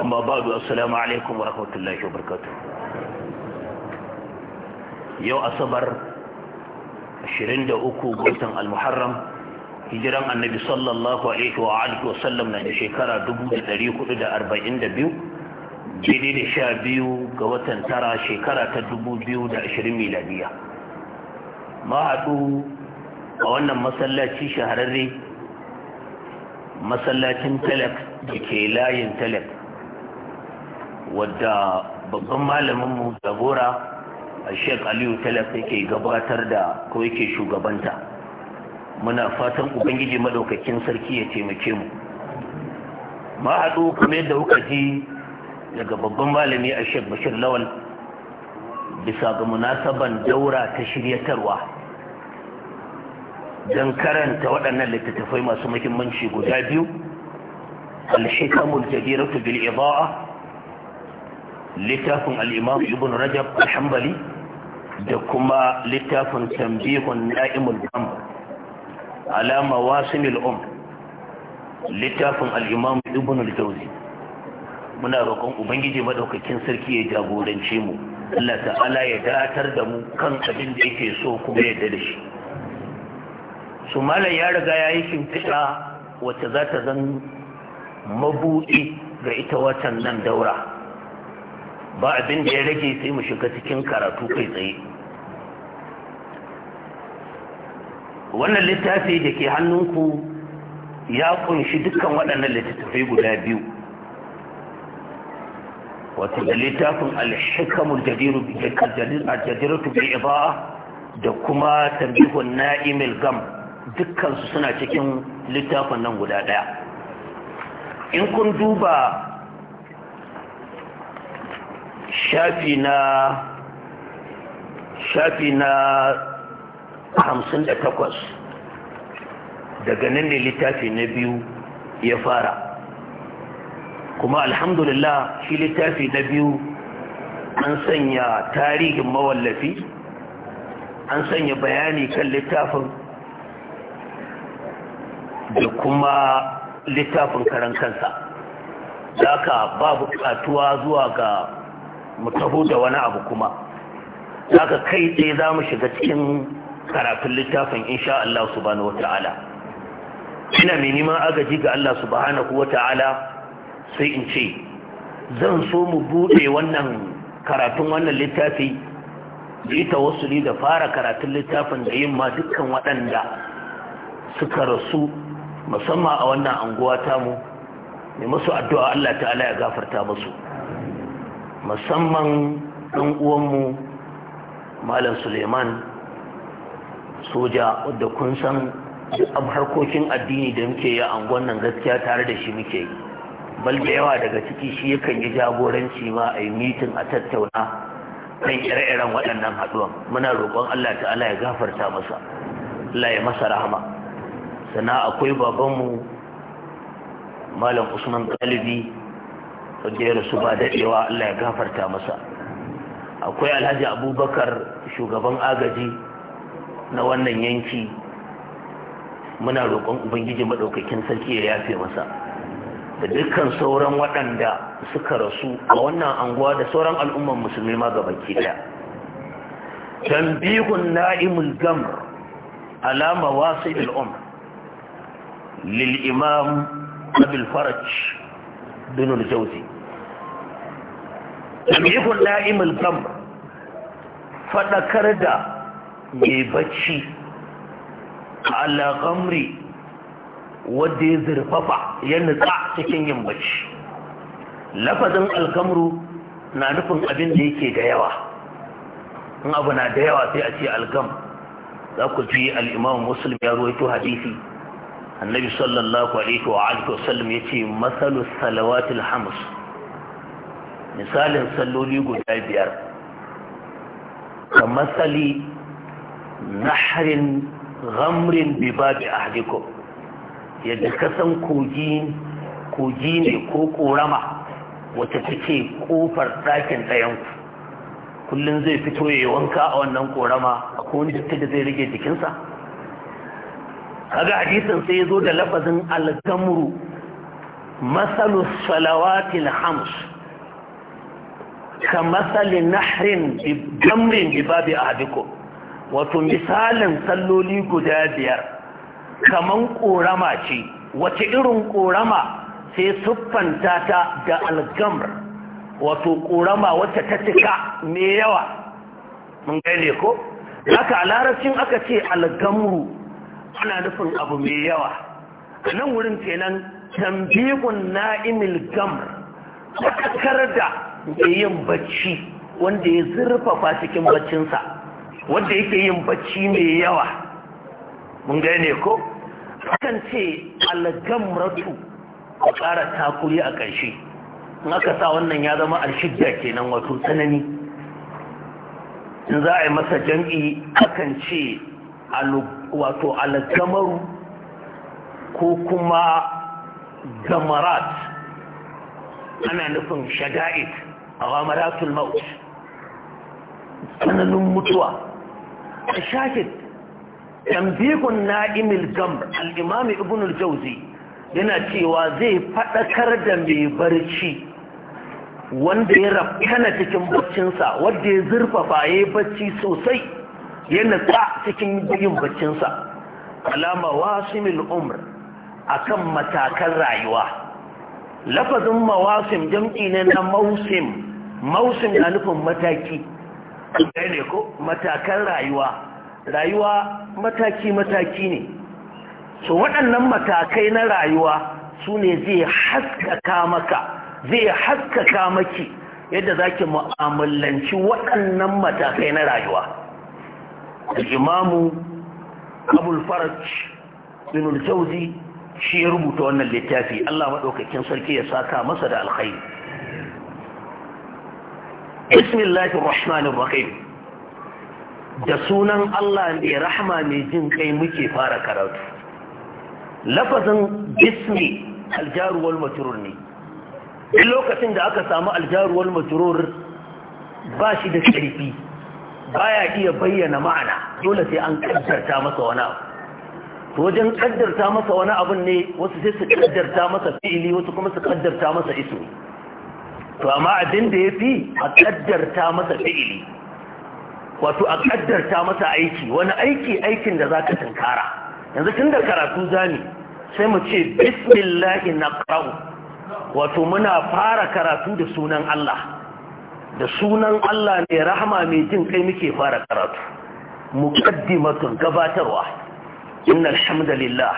amma ba'du assalamu alaikum wa rahmatullahi wa barakatuh yau asabar 23 ga watan al-muharram hijiran annabi sallallahu alaihi wa alihi wa sallam na da shekara 1442 daidai da sha biyu ga watan tara shekara ta 2020 miladiya ma haɗu a wannan masallaci shahararre masallacin talak da ke layin talak wadda babban malaminmu jagora a sheik aliyu talaf yake gabatar da ko yake shugabanta muna fatan ubangiji madaukakin sarki ya taimake mu ma haɗu kuma yadda kuka ji daga babban malami a sheik bashir lawal bisa ga munasaban daura ta shiryatarwa don karanta waɗannan littattafai masu muhimmanci guda biyu al-hikamul jadiratu bil ida'a littafin al'imam ibn rajab alhambali da kuma littafin tambihun na'imul dam alama wasimil um littafin al'imam ibn al muna roƙon ubangiji maɗaukakin sarki ya jagorance mu Allah ta'ala ya datar da mu kan abin da yake so kuma ya da shi su malam ya riga ya yi shimfiɗa wacce za ta zan mabuɗi ga ita watan nan daura ba abin da ya rage sai mu shiga cikin karatu kai tsaye wannan littafi da ke hannunku ya kunshi dukkan waɗannan littattafai guda biyu wato da littafin alhikamul jadiru jadiratu bil iba da kuma tambihun na'imil gam dukkansu suna cikin littafin nan guda ɗaya in kun duba shafi na hamsin da takwas daga nan ne littafi na biyu ya fara kuma alhamdulillah shi littafi na biyu an sanya tarihin mawallafi an sanya bayani kan littafin da kuma littafin karan kansa za ka ba katuwa zuwa ga mu taho da wani abu kuma haka kai tsaye za mu shiga cikin karatun littafin insha Allah subhanahu wata'ala ina mai neman agaji ga Allah subhanahu wata'ala sai in ce zan so mu buɗe wannan karatun wannan littafi da ita ne da fara karatun littafin da yin ma dukkan waɗanda suka rasu musamman a wannan anguwa tamu ne masu addu'a Allah ta'ala ya gafarta masu. musamman ɗan uwanmu malam suleiman soja wadda kun san harkokin addini da muke yi a nan gaskiya tare da shi muke yi bal da yawa daga ciki shi yakan yi jagoranci ma a yi mitin a tattauna kan ire-iren waɗannan haɗuwan muna roƙon allah ta'ala ya gafarta masa allah ya masa rahama sana akwai babanmu malam usman galibi wanda ya rasu ba daɗewa Allah ya gafarta masa akwai alhaji abubakar shugaban agaji na wannan yanki muna roƙon ubangiji maɗaukakin sarki ya yafe masa da dukkan sauran waɗanda suka rasu a wannan anguwa da sauran al'umman musulmi ma baki ɗaya tambihun na'imul Gam alama wasu il'um lil imam abul faraj bin jami'ikun na'imul kam faɗakar da mai bacci alaƙamri wadda ya zurfafa ya nutsa cikin yin bacci lafazin alkamru na nufin abin da yake da yawa in abu na da yawa sai a ce alkam za ku ji al'imam muslim ya ruwaito hadisi annabi sallallahu alaihi wa alihi ya ce masalu salawatul hams misalin salloli guda biyar kamar sali ramrin ghamrin bibabi ahlikum yadda kasan kogi kogi ne ko korama wacce take kofar ɗakin ɗayanku kullum zai fito ya yi wanka a wannan korama a kone jikin da zai rage jikinsa kaga hadisin sai ya zo da lafazin alkamru masalus salawatil hams kamasali nahrin jamrin a ahadikum wato misalin salloli guda biyar kaman korama ce wace irin korama sai siffanta ta da algamr wato korama wacce ta cika mai yawa mun gane ko haka a larabcin aka ce algamru ana nufin abu mai yawa nan wurin kenan tambihun na'imil gamr da da yin bacci wanda ya zurfafa cikin baccinsa wanda yake yin bacci mai yawa mun gane ko akan ce algamratu a ƙara takuri a ƙarshe in aka sa wannan ya zama alshidda kenan wato tsanani in za a yi masa jam'i akan ce wato algamaru ko kuma gamarat ana nufin shaga'id a ramaratul maut tsananin mutuwa a shakit tambikun na'imil gambar al'imami ibnul jauzi yana cewa zai faɗakar da mai barci wanda ya rafkana cikin baccinsa wadda ya zurfa faye barci sosai yana natsa cikin yin baccinsa alama wasu mil umar akan matakan rayuwa lafazin mawasim jam'i ne na mausim mausim na nufin mataki ne ko matakan rayuwa rayuwa mataki-mataki ne so waɗannan matakai na rayuwa su ne zai haskaka maka zai haskaka maki yadda za ki mu'amalanci waɗannan matakai na rayuwa imamu abulfaraj bin jauzi shi ya rubuta wannan littafi Allah maɗaukakin sarki ya saka masa da alkhairi bismillahir rahmanir rahim da sunan Allah ne rahma mai jin kai muke fara karatu lafazin bismi aljaruwal majrur ne duk lokacin da aka samu aljaruwal majrur ba shi da karfi baya iya bayyana ma'ana dole sai an kaddarta masa wani abu wajen kaddarta masa wani abun ne wasu sai su kaddarta masa fi'ili wasu kuma su kaddarta masa ismi to amma abin da yafi a kaddarta masa fi'ili wato a kaddarta masa aiki wani aiki aikin da zaka tunkara yanzu tun da karatu zani sai mu ce bismillahi naqra'u wato muna fara karatu da sunan Allah da sunan Allah ne rahama mai jin kai muke fara karatu muqaddimatun gabatarwa إن الحمد لله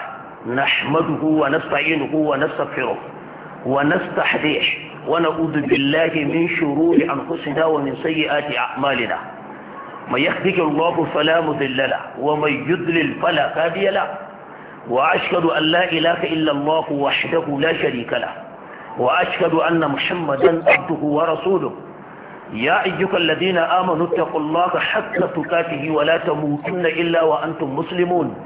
نحمده ونستعينه ونستغفره ونستحديه ونعوذ بالله من شرور أنفسنا ومن سيئات أعمالنا من يهدك الله فلا مذل له ومن يضلل فلا هادي له وأشهد أن لا إله إلا الله وحده لا شريك له وأشهد أن محمدا عبده ورسوله يا أيها الذين آمنوا اتقوا الله حق تقاته ولا تموتن إلا وأنتم مسلمون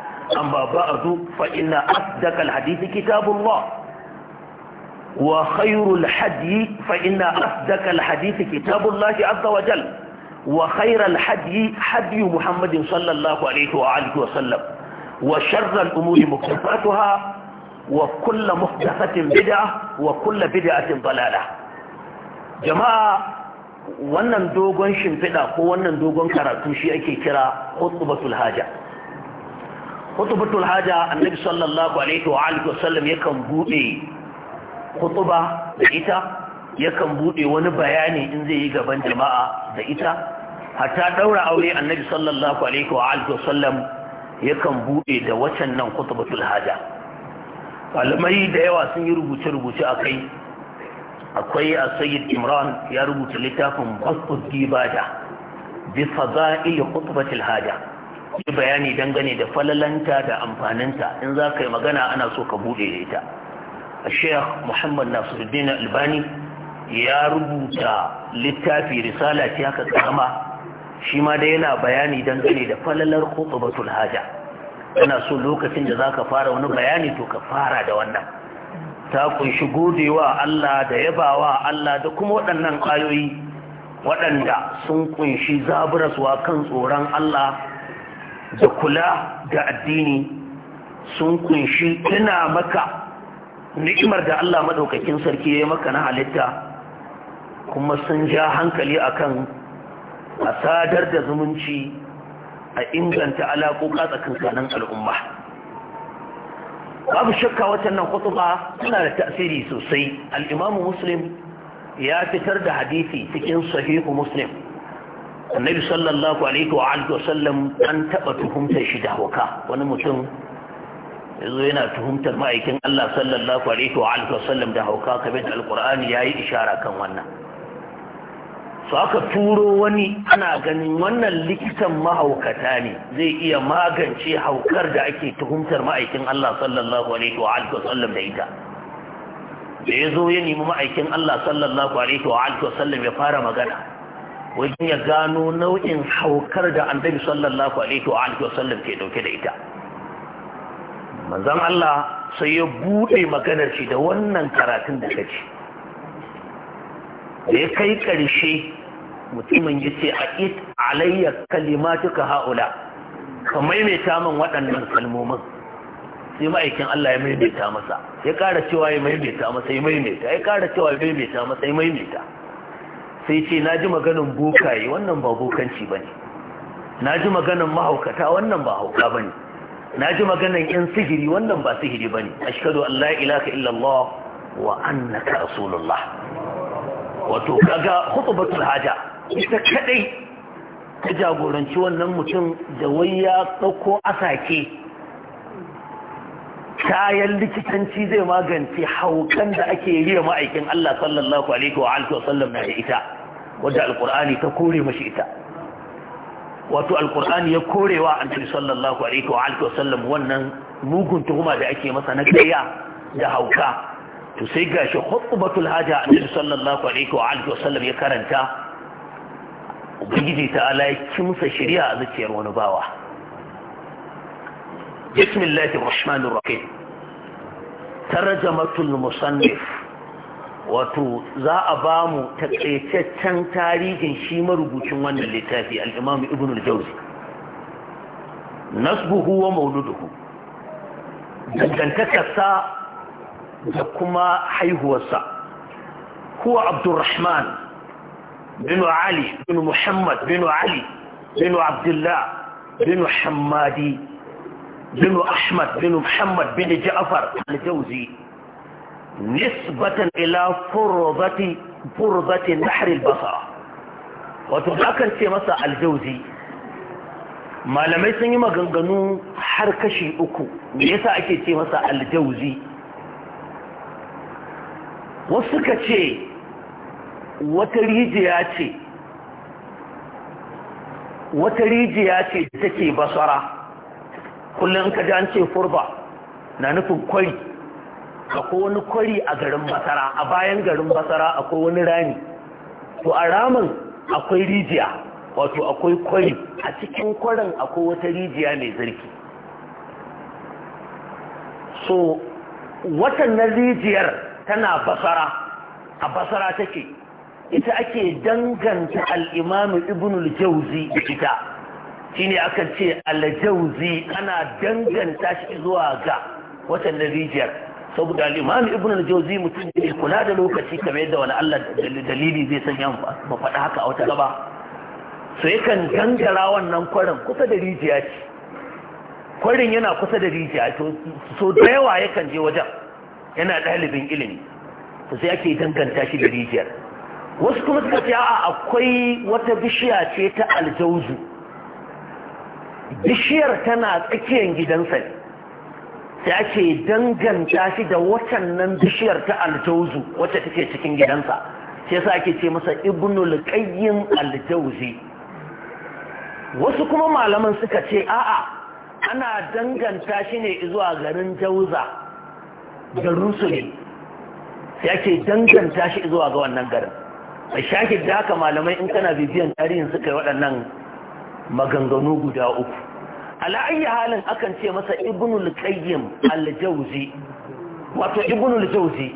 أما بعد فإن أصدق الحديث كتاب الله وخير الحدي فإن أصدق الحديث كتاب الله عز وجل وخير الحدي حدي محمد صلى الله عليه وآله وسلم وشر الأمور محدثاتها وكل محدثة بدعة وكل بدعة ضلالة جماعة wannan dogon shimfiɗa ko wannan dogon karatu shi ake kira hutubatul haja hutubatul haja annabi sallallahu alaihi wa alihi wasallam yakan bude hutuba da ita yakan bude wani bayani in zai yi gaban jama'a da ita hatta daura aure annabi sallallahu alaihi wa alihi wasallam yakan bude da wacan nan hutubatul haja malamai da yawa sun yi rubuce-rubuce a kai akwai a sayyid imran ya rubuta littafin basfus gibada bi fada'il hutubatul haja yi bayani dangane da falalanta da amfaninta in za ka yi magana ana so ka buɗe ita a sheikh muhammad nasiruddin albani ya rubuta littafi risala ta haka kama shi ma da yana bayani dangane da falalar khutbatul haja yana so lokacin da zaka fara wani bayani to ka fara da wannan ta kunshi godewa Allah da yabawa Allah da kuma waɗannan ayoyi waɗanda sun kunshi zaburaswa kan tsoron Allah da kula da addini sun kunshi tuna maka ni'imar da Allah madaukakin sarki ya maka na halitta kuma sun ja hankali akan a sadar da zumunci a inganta alaƙoƙa tsakankanin al'umma babu shakka watannan kutuba suna da tasiri sosai al'imamu muslim ya fitar da hadisi cikin sahihu muslim annabi sallallahu alaihi wa alihi wasallam an taba tuhumtar shi da hauka wani mutum yanzu yana tuhumtar ma'aikin Allah sallallahu alaihi wa alihi wasallam da hauka kamar da alqur'ani yayi ishara kan wannan su aka turo wani ana ganin wannan likitan mahaukata ne zai iya magance haukar da ake tuhumtar ma'aikin Allah sallallahu alaihi wa alihi wasallam da ita da ya zo ya nemi ma'aikin Allah sallallahu alaihi wa alihi wasallam ya fara magana wajen ya gano nau'in haukar da annabi sallallahu alaihi wa alihi wasallam ke dauke da ita manzon Allah sai ya bude maganar shi da wannan karatun da kace sai kai karshe mutumin yace aqit alayya kalimatuka haula ka maimaita min waɗannan kalmomin sai ma'aikin Allah ya maimaita masa ya ƙara cewa ya maimaita masa ya maimaita ya ƙara cewa ya maimaita masa ya maimaita sai ce na ji maganin bukaye. wannan ba bokanci ba ne na ji maganin mahaukata wannan ba hauka ba ne na ji maganin yan sihiri wannan ba sihiri ba ne a shekaru allah ilaka illallah wa annaka rasulullah wato kaga hutubatul haja ita kadai ta jagoranci wannan mutum da wai ya dauko asake kayan likitanci zai magance haukan da ake yi wa ma'aikin Allah sallallahu alaihi wa alihi wasallam na ita wadda alqur'ani ta kore mashi ita wato alqur'ani ya korewa annabi sallallahu alaihi wa alihi wasallam wannan mugun tuhuma da ake masa na gaya da hauka to sai gashi khutbatul haja annabi sallallahu alaihi wa alihi wasallam ya karanta ubangiji ta ala ya kimsa shari'a a zuciyar wani bawa بسم الله الرحمن الرحيم ترجمة المصنف wato za a ba mu takaitaccen tarihin shi marubucin wannan littafi al'imamu ibn al-jauzi nasbuhu wa mauluduhu dangantakarsa da kuma haihuwarsa huwa abdurrahman binu ali binu muhammad binu ali binu abdullah bin hammadi بن أحمد بن محمد بن جعفر الجوزي نسبة إلى فرضة فرضة نحر البصرة وتذكر في مساء الجوزي ما لم يسني ما غنغنو حركشي أكو يسا أكي في مساء الجوزي وسكتشي وتريجياتي وتريجياتي تكي بصره kullum ka ji an ce furba na nufin kwari akwai wani kwari a garin basara a bayan garin basara akwai wani rami to a ramin akwai rijiya wato akwai kwari a cikin kwarin akwai wata rijiya mai zarki so watan na rijiyar tana basara a basara take ita ake danganta al'imamu ibn al-jauzi ita shine aka ce aljauzi ana danganta shi zuwa ga watan rijiyar saboda limam ibn al-jauzi mutum ne kula da lokaci kamar yadda wani Allah dalili zai sanya mu faɗa haka a wata gaba so yakan gangara wannan kwarin kusa da rijiya ce kwarin yana kusa da rijiya to so da yawa yakan je wajen yana ɗalibin ilimi to sai ake danganta shi da rijiyar wasu kuma suka ce a akwai wata bishiya ce ta aljauzu bishiyar tana tsakiyar gidansa ne sai danganta shi da watannan bishiyar ta aljauzu wacce take cikin gidansa sai sa ake ce masa ibnul qayyim aljauzi wasu kuma malaman suka ce a'a ana danganta shi ne zuwa garin jauza garin su ne sai ake danganta shi zuwa ga wannan garin a shahid da haka malamai in kana bibiyan tarihin suka yi waɗannan maganganu guda uku ala'ayi halin akan ce masa ibnul qayyim al wato ibnul jawzi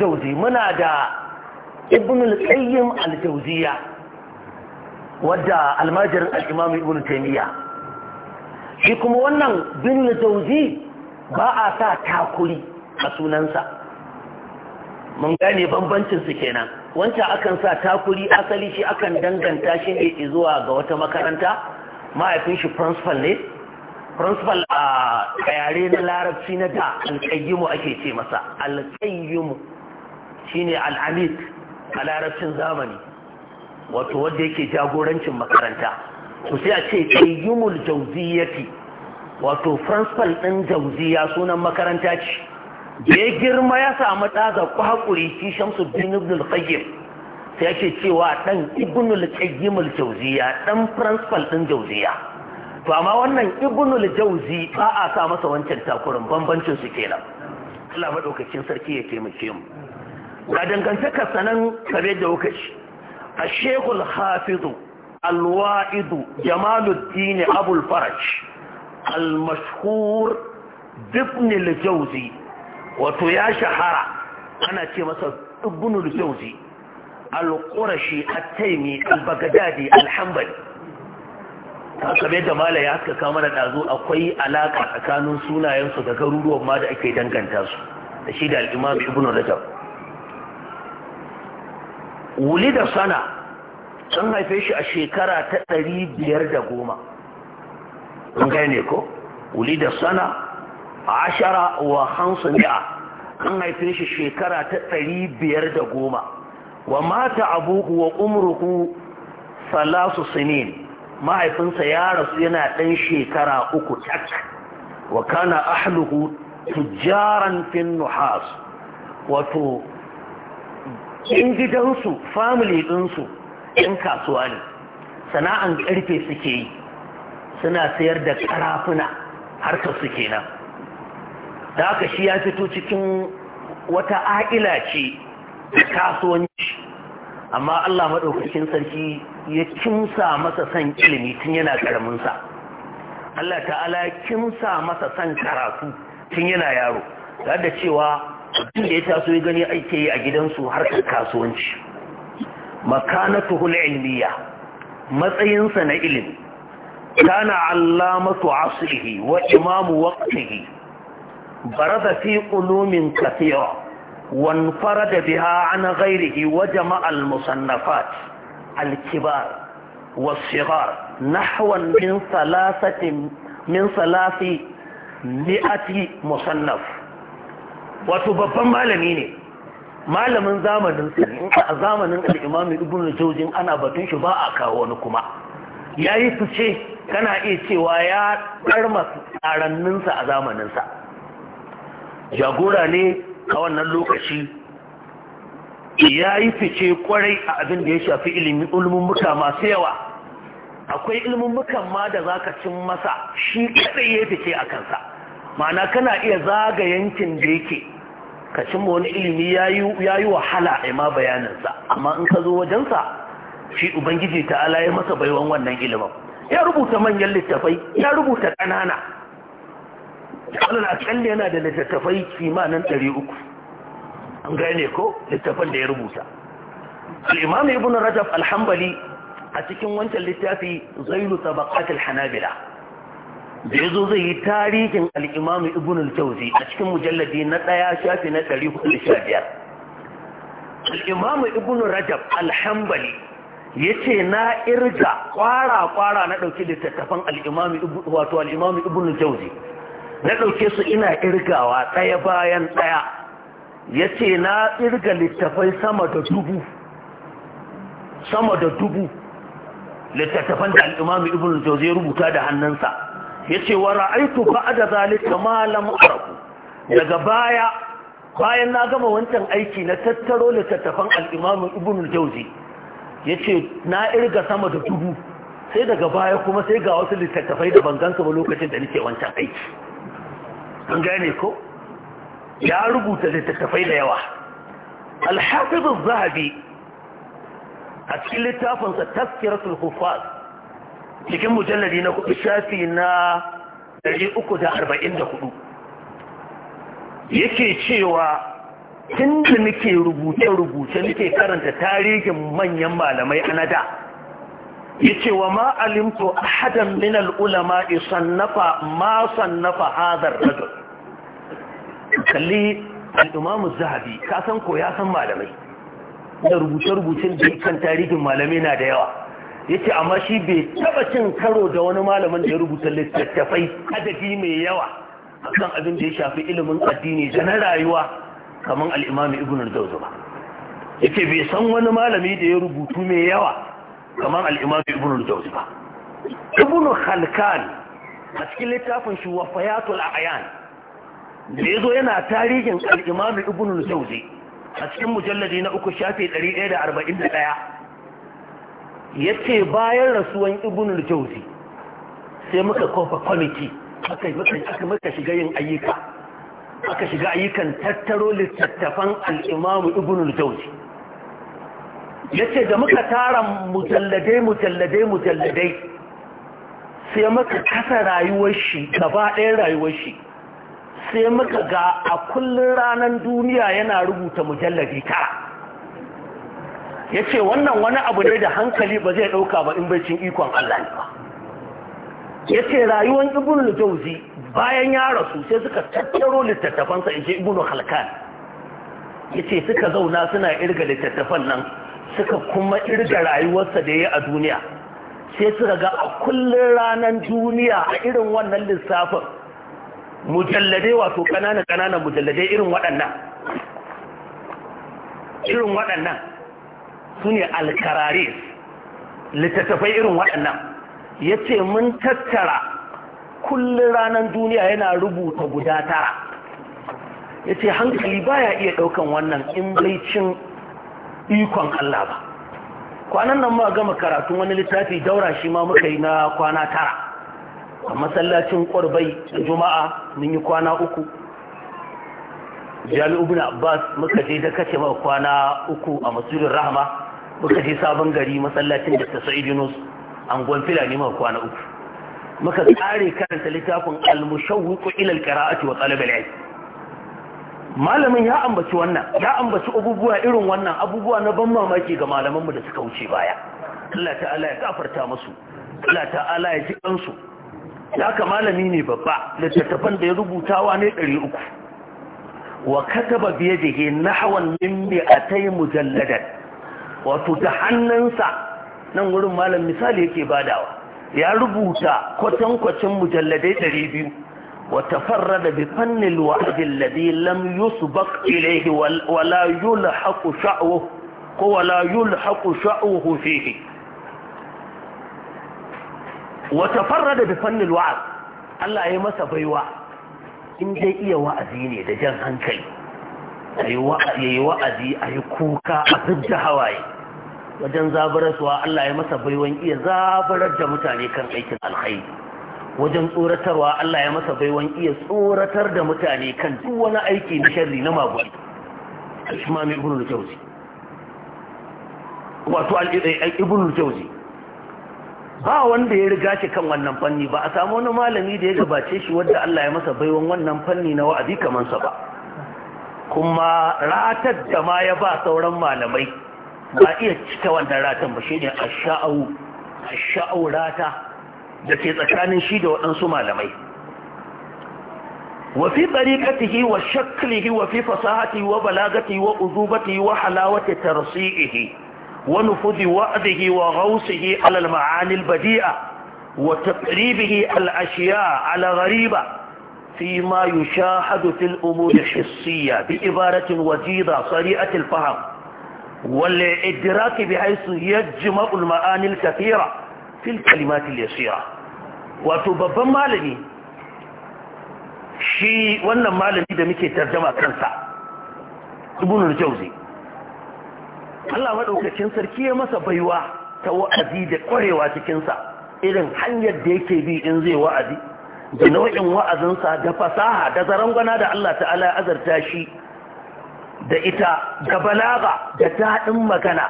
jawzi muna da ibnul qayyim al-jawziya wadda almajirin al-imam taimiyya. taymiya shi kuma wannan ibnul jawzi ba a sa takuri a sunansa mun gane bambancin su kenan wancan akan sa takuri asali shi akan danganta shi ne zuwa ga wata makaranta mahaifin shi principal ne principal a yare na larabci na da alƙayyimu ake ce masa shi shine al'amid a larabcin zamani wato wanda yake jagorancin makaranta to sai a ce ƙayyimul jauziyati wato principal ɗin jauziya sunan makaranta ce da ya girma ya samu ɗaga ƙwaƙuri kwakuri shi shamsu bin ibn al-qayyim sai yake cewa dan ibn al-qayyim al-jawziya dan principal din jawziya to amma wannan ibn al-jawzi ba a sa masa wancan takurin bambancin su kenan Allah madaukakin sarki ya taimake mu ga ka sanan kare da wukaci al alwa'idu jamaluddin abul faraj al-mashhur ibn al-jawzi wato ya shahara ana ce masa ibnul jawzi al-qurashi at-taymi al-baghdadi al-hanbali bai da mala ya haskaka mana dazu akwai alaka tsakanin sunayensu da garuruwan ma da ake danganta su da shi da al-imam ibn rajab wulida sana sun haife shi a shekara ta 510 kun gane ko wulida sana ashara wa hansu an haife shi shekara ta ɗari biyar da goma wa mata abuhu wa umruku salasu sinin mahaifinsa ya rasu yana ɗan shekara uku tak wa kana ahluhu tujjaran fin nuhas wato in gidansu famili ɗinsu in kasuwa ne sana'an ƙarfe suke yi suna sayar da ƙarafuna harkar suke nan. da haka shi ya fito cikin wata a'ila ce da kasuwanci amma Allah maɗaukakin sarki ya kimsa masa son ilimi tun yana ƙaraminsa Allah ta'ala ya kimsa masa son karatu tun yana yaro Da da cewa tun da ya taso ya gani aike yi a gidansu harkar kasuwanci makanatuhul ilmiya matsayinsa na ilimi kana allamatu asrihi wa imamu waqtihi برز في علوم كثيرة وانفرد بها عن غيره وجمع المصنفات الكبار والصغار نحو من ثلاثة من ثلاث مئة مصنف وتبقى مالمين malamin zamanin in a zamanin al'imami ibn jojin ana batun shi ba a kawo wani kuma ya yi fice kana iya cewa ya ɗarma tsaranninsa a zamaninsa jagora ne a wannan lokaci ya yi fice kwarai a abin da ya shafi ilimin muka masu yawa akwai ilmummukan ma da za ka cin masa shi kadai ya fice a kansa ma'ana kana iya zaga yankin da yake ka cin wani ilimi ya yi wahala a ma bayaninsa amma in ka zo wajensa shi ubangiji ta ala ya masa baiwan wannan ilimin ya rubuta manyan littafai ya rubuta ƙanana alal akalli yana da littattafai kimanin 300 an gane ko littattafan da ya rubuta imam ibn rajab al-hanbali a cikin wancan littafi zailu tabaqat al-hanabila da yazo zai yi tarihin al-imam ibn al-jawzi a cikin mujalladi na 1 shafi na 415 al-imam ibn rajab al-hanbali yace na irga kwara kwara na dauki littattafan al-imam wato al-imam ibn al-jawzi na ɗauke su ina irgawa ɗaya bayan ɗaya ya ce na irga littafai sama da dubu sama da dubu littattafan da al'imamu ibn jauzi ya rubuta da hannunsa ya ce wa ra'aitu ba da zalika malam arabu daga baya bayan na gama wancan aiki na tattaro littattafan al'imamu ibn jauzi ya ce na irga sama da dubu sai daga baya kuma sai ga wasu littattafai da ban bangansu ba lokacin da nake wancan aiki an gane ko ya rubuta littattafai da yawa alhafizu zahabi a cikin littafinsa taskiratul hufaz cikin mujallari na kudu shafi na 344 yake cewa tun da nake rubuce-rubuce nake karanta tarihin manyan malamai a nada ya ce wa ma'alimto a hadan minal ulama nafa ma nafa hadar rajul kalli al'imamu zahabi kasan ko ya san malamai da rubuce rubucin da kan tarihin malamai na da yawa ya ce amma shi bai taba cin karo da wani malamin da ya rubuta littattafai adadi mai yawa kan abin da ya shafi ilimin addini da na rayuwa kamar al’imamu ibn dauzu ba ya ce bai san wani malami da ya rubutu mai yawa kamar al’imamu ibn dauzu ba ibn halkan a cikin littafin shi fayatul ayan da ya zo yana tarihin al'imamu ibn sauzi a cikin mujalladi na uku shafi 141 ya ce bayan rasuwan ibn sauzi sai muka kofa kwamiti aka muka shiga yin ayyuka aka shiga ayyukan tattaro littattafan al'imamu ibn sauzi ya ce da muka tara mujalladai mujalladai mujalladai sai muka kasa rayuwar shi gaba ɗayan rayuwar shi sai muka ga a kullun ranar duniya yana rubuta mujallabi tara ya ce wannan wani abu ne da hankali ba zai ɗauka ba in bai cin ikon Allah ne ba ya ce rayuwar ibn jauzi bayan ya rasu sai suka tattaro littattafansa in ce ibn halkan ya ce suka zauna suna irga littattafan nan suka kuma irga rayuwarsa da ya a duniya sai suka ga a kullun ranar duniya a irin wannan lissafin mujalladai wato kanana kanana mujalladai irin waɗannan irin waɗannan su ne alkarare littattafai irin waɗannan ya ce mun tattara kullum ranar duniya yana rubuta guda tara ya ce hankali baya iya ɗaukan wannan in cin ikon Allah ba kwanan nan ma gama karatun wani littafi daura shi ma muka yi na kwana tara a masallacin ƙwarbai juma'a mun yi kwana uku jami'u bin abbas muka je da kace ma kwana uku a masjidin rahama muka je sabon gari masallacin da ta sa'id gwan fila filani ma kwana uku muka kare karanta littafin al-mushawwiq ilal al-qira'ati wa talab al malamin ya ambaci wannan ya ambaci abubuwa irin wannan abubuwa na ban mamaki ga malaman mu da suka wuce baya Allah ta'ala ya gafarta musu Allah ta'ala ya ji kansu Ya aka malami ne babba littattafan da ya rubutawa ne 300 wa kataba biye da ke nahawan mimmi a ta yi mujalladar wato ta hannunsa nan wurin malam misali yake badawa ya rubuta kwatankwacin mujalladai 200 wata farra da bifannin wa'adin ladi lam yusbaq ilaihi wala ko sha'uhu fihi wata farrada bi fannin wa'az Allah ya masa baiwa in dai iya wa'azi ne da jan hankali ya yi wa'azi a yi kuka a zubda hawaye wajen zabararsuwa Allah ya masa baiwan iya zabarar da mutane kan aikin alkhairi wajen tsoratarwa Allah ya masa baiwan iya tsoratar da mutane kan duk wani aiki na sharri na magwai al ibn al-jawzi wato al-ibn al-jawzi ba wanda ya riga shi kan wannan fanni ba a samu wani malami da ya gabace shi wadda Allah ya masa baiwan wannan fanni na wa'azi kamar sa ba kuma ratar da ma ya ba sauran malamai ba iya cika wannan ratan ba shine asha'u asha'u rata da ke tsakanin shi da waɗansu malamai Wa wa wa fi fi fasahatihi wa balagatihi wa uzubatihi wa halawati ترصيئه ونفذ وعده وغوصه على المعاني البديئة وتقريبه الأشياء على غريبة فيما يشاهد في الأمور الحسية بإبارة وجيدة صريعة الفهم والإدراك بحيث يجمع المعاني الكثيرة في الكلمات اليسيرة وتبب مالني شيء وانا مالني ده ترجمة كنسا ابن الجوزي Allah maɗaukacin sarki ya masa baiwa ta wa'azi da ƙwarewa cikinsa irin hanyar da yake bi in zai wa'azi da nau'in wa'azinsa da fasaha da zarangwana da Allah ta'ala ya azarta shi da ita da balaga da daɗin magana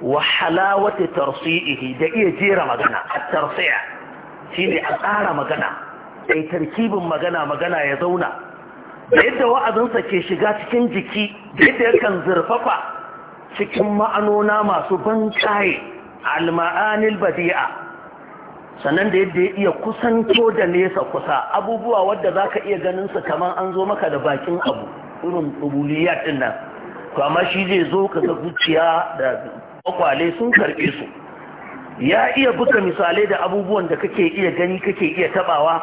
wa halawata tarsi'ihi da iya jera magana a shi ne a tsara magana da tarkibin magana magana ya zauna da yadda wa'azinsa ke shiga cikin jiki da yadda yakan zurfafa cikin ma'anona masu ban kaye alma'anil badi'a sannan da yadda ya iya kusanto da nesa kusa abubuwa wadda za ka iya ganin su kamar an zo maka da bakin abu irin ubuliyat ɗin nan to shi zai zo ka ga zuciya da kwakwale sun karɓe su ya iya buka misalai da abubuwan da kake iya gani kake iya tabawa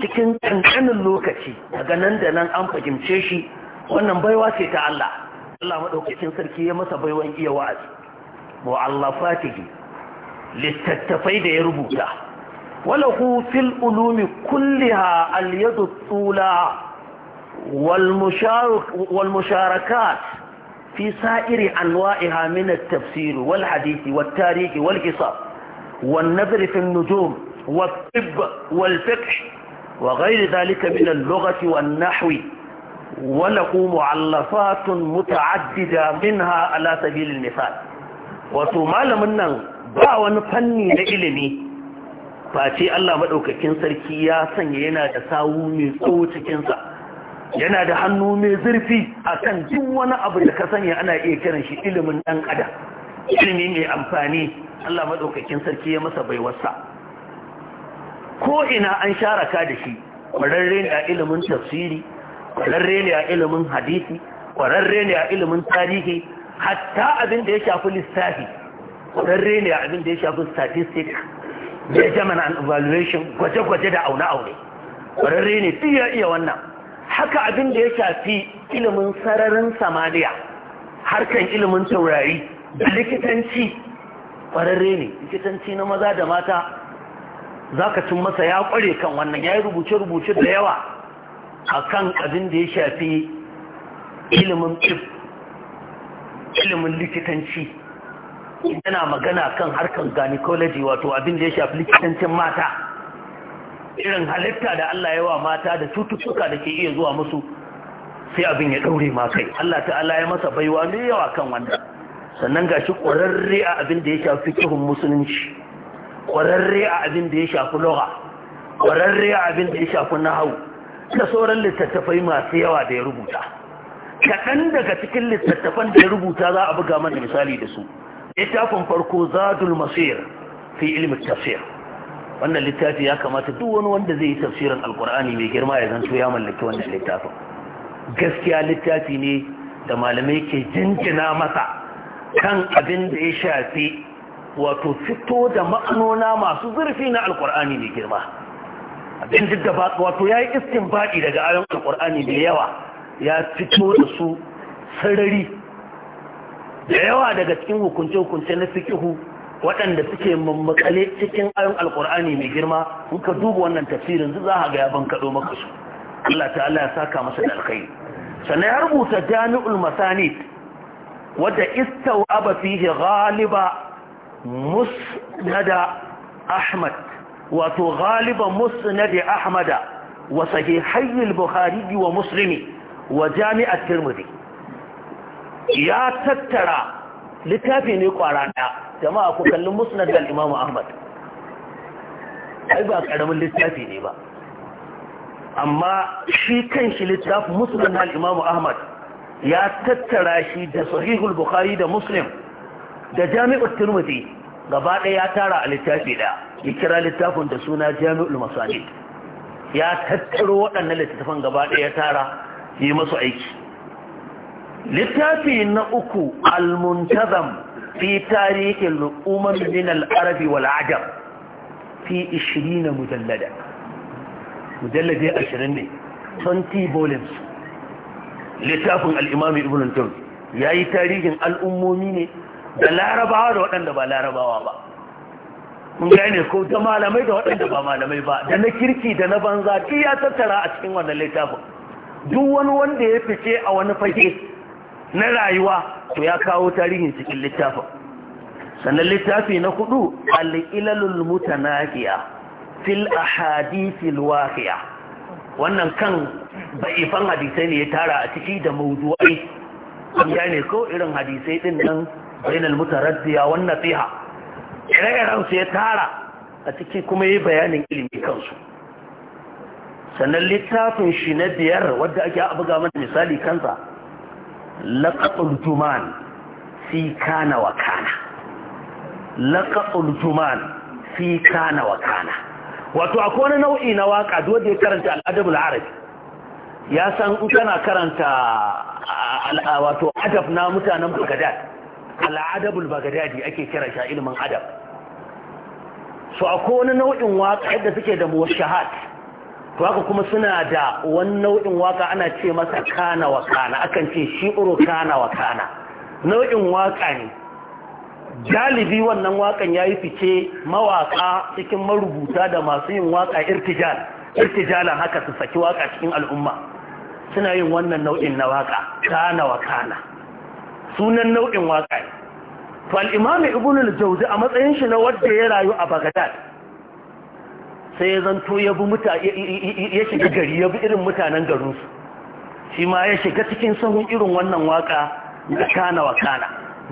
cikin ƙanƙanin lokaci daga nan da nan an fahimce shi wannan baiwa ce ta Allah Allah madaukakin sarki ya masa baiwan iya wa'azi mu'allafatihi littattafai da ya rubuta walahu fil ulumi kulliha al yadu tula wal musharakat fi sa'iri anwa'iha min at-tafsir wal hadith wat tarikh wal qisas wan nadhr fi an-nujum wat tibb wal fiqh wa ghayr dhalika min al-lughati wan nahwi walaku mu'allafatun muta'addida minha ala sabilil nisa. wato malamin nan ba wani fanni na ilimi face Allah maɗaukakin sarki ya sanya yana da sawu mai tsawo cikin yana da hannu mai zurfi akan duk wani abu da ka sanya ana iya kiran shi ilimin dan adam ilimi mai amfani Allah maɗaukakin sarki ya masa baiwarsa ko ina an sha raka da shi kwararre ne a ilimin tafsiri kwararre ne a ilimin hadisi kwararre ne a ilimin tarihi hatta abin da ya shafi lissafi kwararre ne a abin da ya shafi statistics jaman an evaluation gwaje-gwaje da aune-aune kwararre ne fi ya iya wannan haka abin da ya shafi ilimin sararin samaniya harkan ilimin taurari da likitanci kwararre ne likitanci na maza da mata za ka cin masa ya kware kan wannan ya yi rubuce-rubuce da yawa akan abin da ya shafi ilimin ilimin likitanci yana magana kan harkar gynecology wato abin da ya shafi likitancin mata irin halitta da Allah yawa mata da cututtuka da ke iya zuwa musu sai abin ya daure ma kai Allah ta'ala ya masa baiwa ne yawa kan wanda sannan gashi ƙwararre a abin da ya shafi kihun musulunci ƙwararre a abin da ya shafi lugha ƙwararre a abin da ya shafi nahawu da sauran littattafai masu yawa da ya rubuta kaɗan daga cikin littattafan da ya rubuta za a buga mana misali da su littafin farko zadul masir fi ilmi tafsir wannan littafi ya kamata duk wani wanda zai yi tafsirin alkur'ani mai girma ya zanto ya mallaki wannan littafin gaskiya littafi ne da malamai ke jinjina masa kan abin da ya shafi wato fito da ma'anona masu zurfi na alkur'ani mai girma abin duk da wato ya yi iskin baɗi daga ayon alƙur'ani da yawa ya fito da su sarari da yawa daga cikin hukunce-hukunce na fikihu waɗanda suke mammakale cikin ayon alƙur'ani mai girma in ka duba wannan tafsirin za a ga ya ban kaɗo maka su Allah ta'ala ya saka masa da alkhairi sannan ya rubuta jami'ul masanid wadda istawa ba fihi ghaliba musnada ahmad wato galiban musnad ahmad wa sahihai al-bukhari wa muslimi wa jami' at-tirmidhi ya tattara littafi ne kwara daya jama'a ku kallon musnad al-imam ahmad ai ba karamin littafi ne ba amma shi kanshi littafi musnad al-imam ahmad ya tattara shi da sahihul bukhari da muslim da jami'ul tirmidhi gaba ɗaya ya tara a littafi ɗaya ya kira littafin da suna jami'ul masani ya tattaro waɗannan littattafan gaba ɗaya ya tara yi masu aiki littafi na uku al-muntazam fi tarihin al'ummar min al-arabi wal ajam fi 20 mujallada mujallade 20 ne 20 volumes littafin al-imam ibn al-jawzi yayi tarihin al'ummomi ne da larabawa da waɗanda ba larabawa ba mun gane ko ta malamai da waɗanda ba malamai ba da na kirki da na banza ki ya tattara a cikin wannan littafin duk wani wanda ya fice a wani fage na rayuwa to ya kawo tarihin cikin littafin sannan littafi na hudu al-ilalul mutanaqiya fil ahadithil waqiya wannan kan ba'ifan hadisai ne ya tara a ciki da mawdu'ai an gane ko irin hadisai din nan bainal mutaraddiya wan nasiha ire su ya tara a ciki kuma yi bayanin ilimi kansu sannan littafin shi na biyar wadda ake abuga mana misali kansa laqatul juman fi kana wa kana laqatul juman fi kana wa kana wato akwai wani nau'i na waka duk wanda ya karanta al'adabul arabi ya san kana karanta wato adab na mutanen Baghdad al'adabul bagadadi ake kira shi ilimin adab su akwai wani nau'in waka yadda suke da mushahat to haka kuma suna da wani nau'in waka ana ce masa kana wa kana akan ce shi uru kana wa kana nau'in waka ne galibi wannan wakan yayi fice mawaka cikin marubuta da masu yin waka irtijal irtijalan haka su saki waka cikin al'umma suna yin wannan nau'in na waka kana wa kana sunan nau'in waka ne to al-imam ibn al-jawzi a matsayin shi na wanda ya rayu a bagdad sai ya zanto ya bi muta ya shiga gari ya bi irin mutanen garin su shi ma ya shiga cikin sahun irin wannan waka da kana wa kana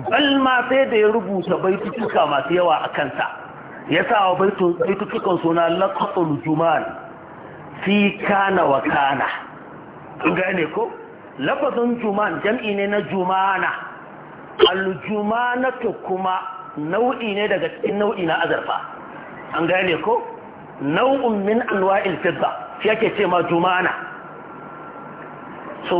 bal sai da ya rubuta baitutuka masu yawa a kansa ya sa wa baitutukan suna laqatul jumal fi kana wa kana kun gane ko lafazin juman jam'i ne na jumana aljumanatu kuma nau'i ne daga cikin nau'i na azurfa an gane ko nau'un min anwa'il fidda shi yake ce ma jumana so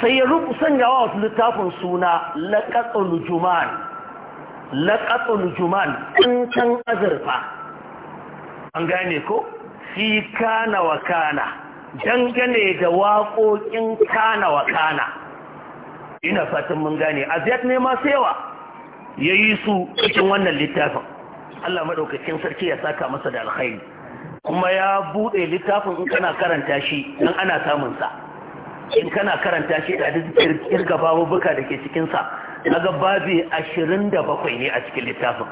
sai ya rubu sanyawa wasu littafin suna laqatul juman laqatul juman ƙancan azurfa an gane ko fi kana wa kana dangane da waƙoƙin kana wa kana ina fatan mun gane aziyat ne ma yawa ya yi su cikin wannan littafin Allah maɗaukakin sarki ya saka masa da alkhairi kuma ya buɗe littafin in kana karanta shi nan ana samun sa in kana karanta shi da irga babubuka da ke cikin sa naga babi 27 ne a cikin littafin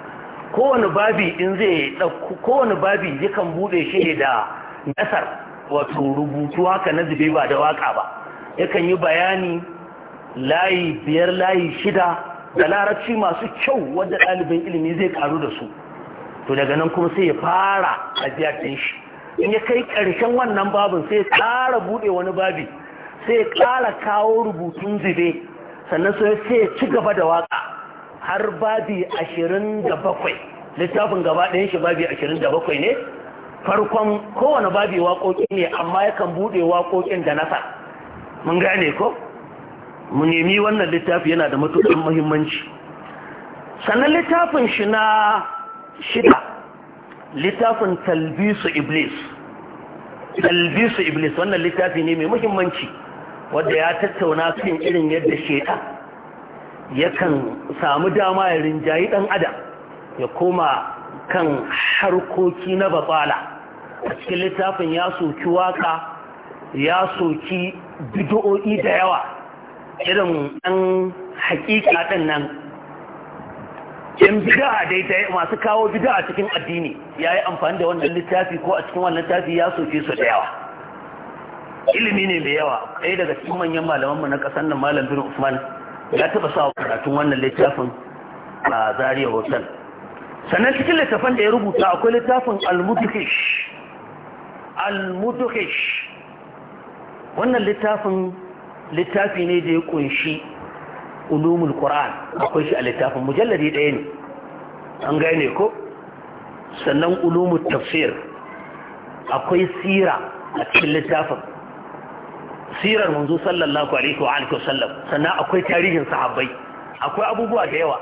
kowane babi in zai dauko kowane babi yakan buɗe shi da nasar wato rubutu haka na zube ba da waka ba yakan yi bayani layi biyar layi shida da larabci masu kyau wadda ɗalibin ilimi zai karu da su to daga nan kuma sai ya fara a biyatin shi in ya kai ƙarshen wannan babin sai ya ƙara buɗe wani babi sai ya ƙara kawo rubutun zube sannan sai ya ci gaba da waka har babi ashirin da bakwai littafin gaba ɗayan shi babi ashirin da bakwai ne farkon kowane babi waƙoƙi ne amma yakan buɗe waƙoƙin da nasa mun gane ko mu nemi wannan littafi yana da matuƙar muhimmanci sannan littafin shi na shida littafin talbisu iblis talbisu iblis wannan littafi ne mai muhimmanci wadda ya tattauna kan irin yadda sheda yakan samu dama ya rinjayi ɗan adam ya koma kan harkoki na babala a cikin littafin ya soki waka ya soki bido'o'i da yawa irin ɗan haƙiƙa ɗin nan in bid'a daidai masu kawo bid'a cikin addini ya yi amfani da wannan littafi ko a cikin wannan littafi ya soke su da yawa ilimi ne mai yawa ɗaya daga cikin manyan malamanmu na ƙasar nan malam bin usman ya taɓa sa karatun wannan littafin a Zariya hotel sannan cikin littafin da ya rubuta akwai littafin al almudukish wannan littafin littafi ne da ya kunshi ulumul qur'an akwai shi a littafin mujallari ɗaya ne an gane ko sannan ulumul tafsir akwai sira a cikin littafin sirar manzo sallallahu alaihi wa alihi wasallam sannan akwai tarihin sahabbai akwai abubuwa da yawa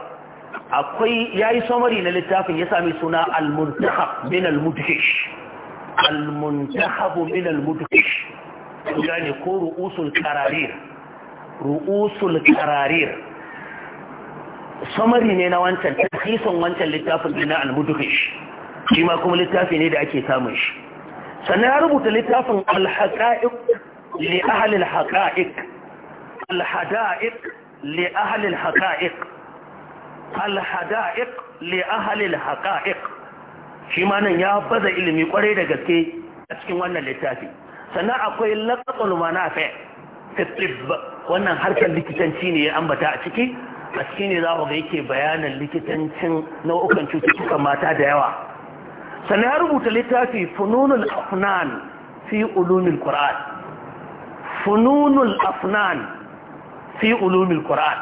akwai ya yi summary na littafin ya sami suna al-muntakhab min al-mudhish al-muntakhab min al-mudhish ne ko ru'usul kararir ru'usul kararir samari ne na wancan tasirin wancan littafin na al-mudhish shi ma kuma littafi ne da ake samun shi sannan ya rubuta littafin al-haqa'iq li ahli al-haqa'iq al-hada'iq li ahli al-haqa'iq al-hada'iq li ahli al-haqa'iq shi ma nan ya baza ilimi kwarai da gaske a cikin wannan littafi sannan akwai laƙaƙon manafe fitrib wannan harkar likitanci ne ya ambata a ciki a ciki ne za ga yake bayanin likitancin nau'ukan cututtukan mata da yawa sannan ya rubuta littafi fununul afnan fi ulumil qur'an fununul afnan fi ulumil qur'an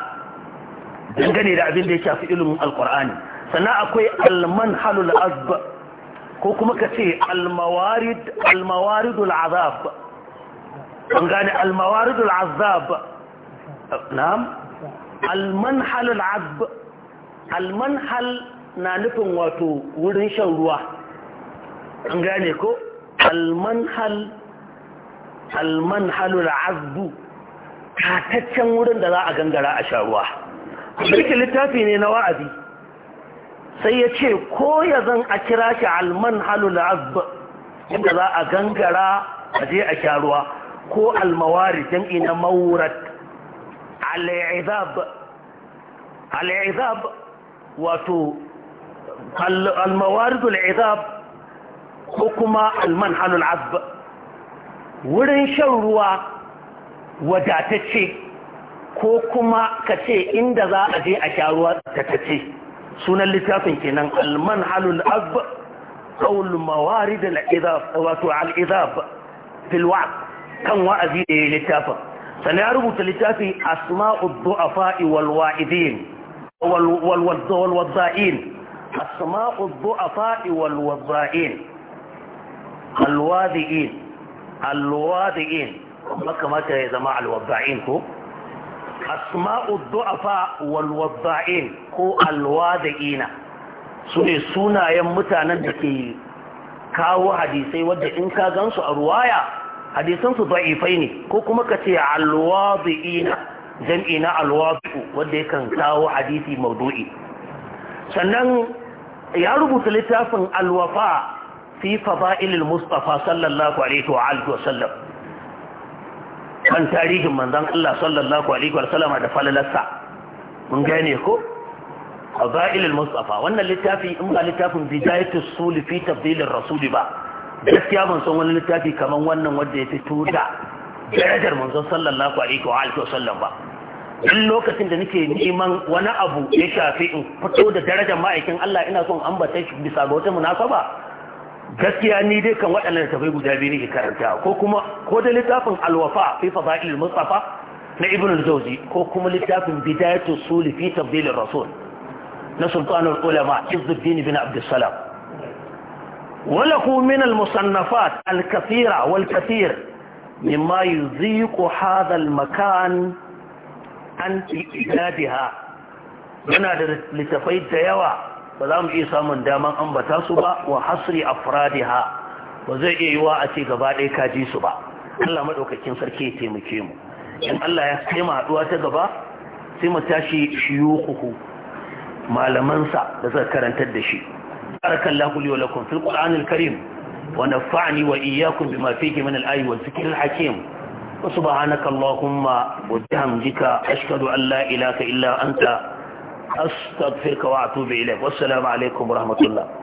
dangane da abin da ya shafi ilimin alqur'ani sannan akwai almanhalul azba ko kuma ka ce almawaridul azab an gane almawaridul azab na'am almanhalul azab almanhal na nufin wato wurin shan ruwa an gane ko almanhal almanhalul azab tataccen wurin da za a gangara a sha ruwa littafi ne na wa'azi sai ya ce ko ya zan a kira shi alman halul azb inda za a gangara a je a sha ko almawari jam'i na maurat al'izab wato almawaridul izab ko kuma alman halul azb wurin shan ruwa wadatacce ko kuma ka ce inda za a je a sha ruwa sunan littafin kenan almanhalul azb qaul mawarid al-idab wato al-idab fil wa'd kan wa'azi da littafin sannan ya rubuta littafi asma'ud du'afa wal wa'idin wal wal wadda'in asma'ud du'afa uddu wadda'in al wadi'in al wadi'in makamata ya zama al wadda'in ko asma'u du'afa wal wadda'in ko alwada'ina su ne sunayen mutanen da ke kawo hadisai wadda in ka gansu a ruwaya hadisan su da'ifai ne ko kuma ka ce alwada'ina jam'i na wadda yakan kawo hadisi maudu'i sannan ya rubuta littafin alwafa fi fada'ilil mustafa sallallahu alaihi wa alihi wa sallam kan tarihin manzan Allah sallallahu alaihi wasallam da falalarsa mun gane ko al mustafa wannan littafi in ba littafin bidayatus suli fi ar rasul ba gaskiya ban san wani littafi kaman wannan wanda ya fito da darajar manzon sallallahu alaihi wa alihi wasallam ba in lokacin da nake neman wani abu ya shafi in fito da darajar ma'aikin Allah ina son ambata shi bisa ga wata munasaba gaskiya ni dai kan waɗannan tafai guda biyu ne karanta ko kuma ko da littafin alwafa fi fadailul mustafa na ibn al ko kuma littafin bidayatu suli fi tabdil rasul na sultanul ulama izzuddin bin abd salam وله من المصنفات الكثيرة والكثير مما يضيق an المكان yana da littafai da yawa. ba za mu iya samun daman ambata su ba wa hasri afradiha ba zai iya yiwa a ce gaba ɗaya ka ji su ba Allah maɗaukakin sarki ya taimake mu in Allah ya kai mu haɗuwa ta gaba sai mu tashi shiyukuhu malamansa da suka karantar da shi barakallahu li wa lakum fil qur'anil karim wa nafa'ni wa iyyakum bima fihi min al-ayati wal dhikril hakim وسبحانك اللهم وبحمدك أشهد أن لا إله إلا أنت astaghfiruka wa atubu ilaik wassalamu alaikum wa rahmatullah